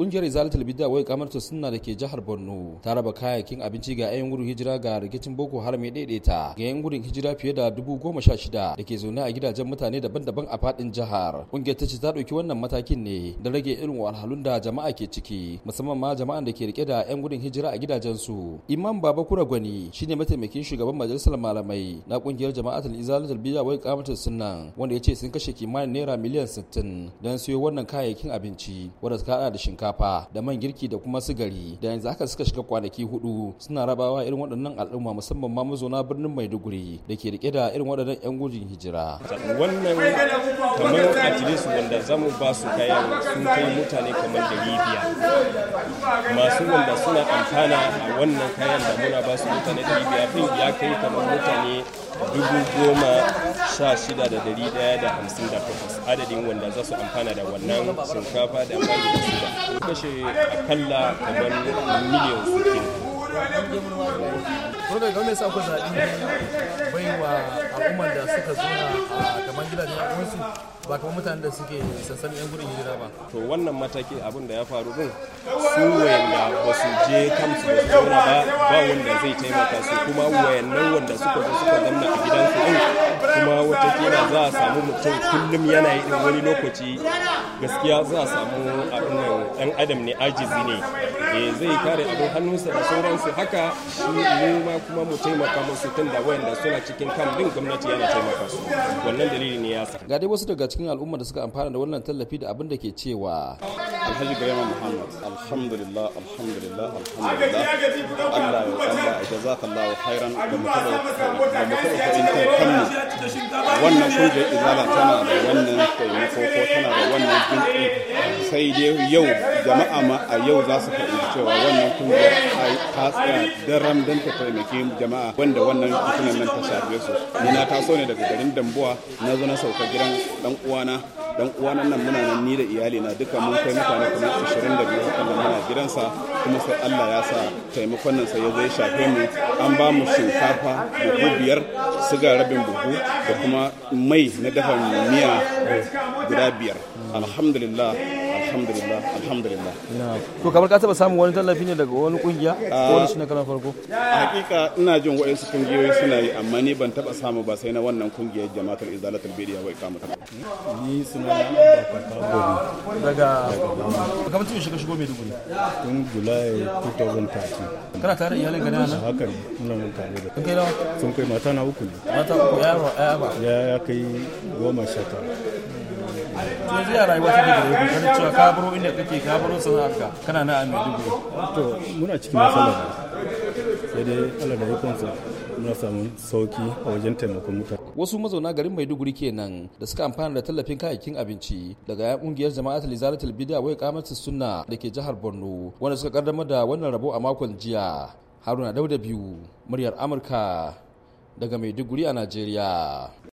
Kungiyar Izalata Bidda wai ta sunna da ke jihar Borno ta raba kayayyakin abinci ga 'yan gudun hijira ga rikicin Boko Haram ya daidaita ga 'yan gudun hijira fiye da dubu goma sha shida da ke zaune a gidajen mutane daban-daban a faɗin jihar. Kungiyar ta ce ta ɗauki wannan matakin ne da rage irin wahalhalun da jama'a ke ciki musamman ma jama'an da ke rike da 'yan gudun hijira a su Imam Baba Kura Gwani shine mataimakin shugaban majalisar malamai na kungiyar jama'a Izalata Bidda wai ta sunna wanda ya ce sun kashe kimanin naira miliyan sittin don siyo wannan kayayyakin abinci wanda ta da shinkafa shinkafa da man girki da kuma sigari da yanzu haka suka shiga kwanaki hudu suna rabawa irin waɗannan al'umma musamman ma mazauna birnin maiduguri da ke rike da irin waɗannan 'yan gudun hijira wannan kamar atilisu wanda zamu ba su kayan sun kai mutane kamar da libya masu wanda suna amfana a wannan kayan da muna ba su mutane da libya fin ya kai kamar mutane dubu goma sha shida da dari daya da hamsin da takwas adadin wanda za su amfana da wannan shinkafa da amfani da su sun kashe kalla kamar miliyan 60 da gwamnati sa ku zaɓi bai wa al'ummar da suka zuna a gaban gidajen al'ummarsu ba kamar mutanen da suke sansanin 'yan gudun hijira ba. To wannan mataki abin da ya faru din su wayanda ba su je kansu ba su ba ba wanda zai taimaka su kuma wayannan wanda suka zo suka zamna a gidansu za a samu mutum kullum yana yi wani lokaci gaskiya za a samu abin nan ɗan adam ne ajizi ne eh, zai kare abin hannunsa da sauransu haka shi ne ma kuma mu taimaka musu tun da wayanda suna cikin kam din gwamnati yana taimaka su wannan dalili ne ya sa ga dai wasu daga cikin al'umma da suka amfana da wannan tallafi da abin da ke cewa alhaji Muhammad alhamdulillah alhamdulillah alhamdulillah jazakallahu khairan da mu taba da mu taba fahimtar kanmu wannan kungiyar izala tana da wannan taimako tana da wannan jinki sai dai yau jama'a ma a yau za su fahimci cewa wannan kungiyar ta tsaya daren don ta taimaki jama'a wanda wannan fitinan nan ta shafe su ni na taso ne daga garin dambuwa na zo na sauka gidan dan uwana dan uwana nan muna nan ni da iyali na duka mun kai mutane kamar 25 haka nan muna gidansa kuma sai Allah ya sa taimakon nan sai ya zai shafe mu an ba mu shinkafa buhu biyar siga rabin buhu da kuma mai na dafa miya guda biyar alhamdulillah alhamdulillah alhamdulillah to kamar ka taba samun wani tallafi ne daga wani kungiya ah. ko wani shi na farko a hakika ina jin waɗansu kungiyoyi suna yi amma ni ban taba samu ba sai na wannan kungiyar jama'atul izalatul bidiya wa ikamata ni suna daga kamar tun shiga shigo maiduguri tun julai 2013 kana tare iyalin gana nan haka ne muna mun tare da kai nawa sun kai mata na uku ne mata uku yaro ya ba ya kai goma sha tara yanzu ya rayuwa ta gida yake kana cewa ka baro inda kake ka baro sana'ar ka kana na a Maiduguri to muna cikin matsala sai dai Allah da yakonsa muna samun sauki a wajen taimakon mutane wasu mazauna garin Maiduguri kenan da suka amfana da tallafin kayayyakin abinci daga 'yan kungiyar jama'at Lizaratul Bid'a wai kamatu sunna da ke jihar Borno wanda suka kaddamar da wannan rabo a makon jiya Haruna Dauda biyu muryar Amurka daga Maiduguri a Najeriya